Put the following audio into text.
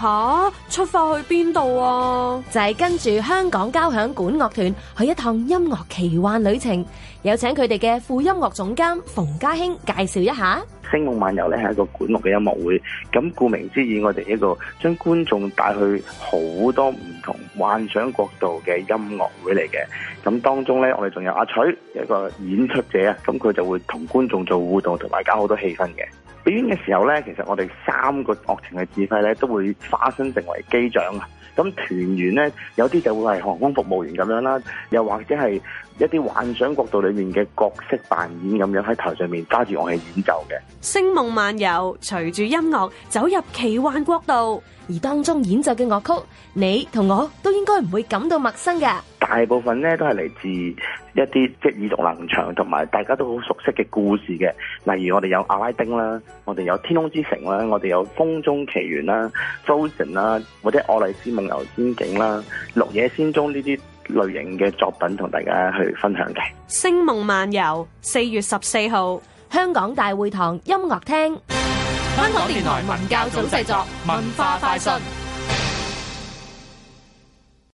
吓、啊！出發去邊度啊？就係跟住香港交響管樂團去一趟音樂奇幻旅程，有請佢哋嘅副音樂總監馮家興介紹一下。星夢漫遊咧係一個管樂嘅音樂會，咁顧名思義，我哋呢個將觀眾帶去好多唔同幻想國度嘅音樂會嚟嘅。咁當中咧，我哋仲有阿彩有一個演出者啊，咁佢就會同觀眾做互動，同埋搞好多氣氛嘅。表演嘅時候咧，其實我哋三個樂團嘅指揮咧都會化身成為機長啊！咁團員咧，有啲就會係航空服務員咁樣啦，又或者係一啲幻想國度裏面嘅角色扮演咁樣喺台上面揸住我係演奏嘅。星夢漫遊，隨住音樂走入奇幻國度，而當中演奏嘅樂曲，你同我都應該唔會感到陌生嘅。大部分咧都係嚟自一啲即耳熟能詳，同埋大家都好熟悉嘅故事嘅，例如我哋有阿拉丁啦，我哋有天空之城啦，我哋有風中奇緣啦，Frozen 啦，或者愛麗絲夢遊仙境啦，綠野仙蹤呢啲類型嘅作品，同大家去分享嘅。星夢漫遊，四月十四號，香港大會堂音樂廳，香港電台文教組製作，文化快訊。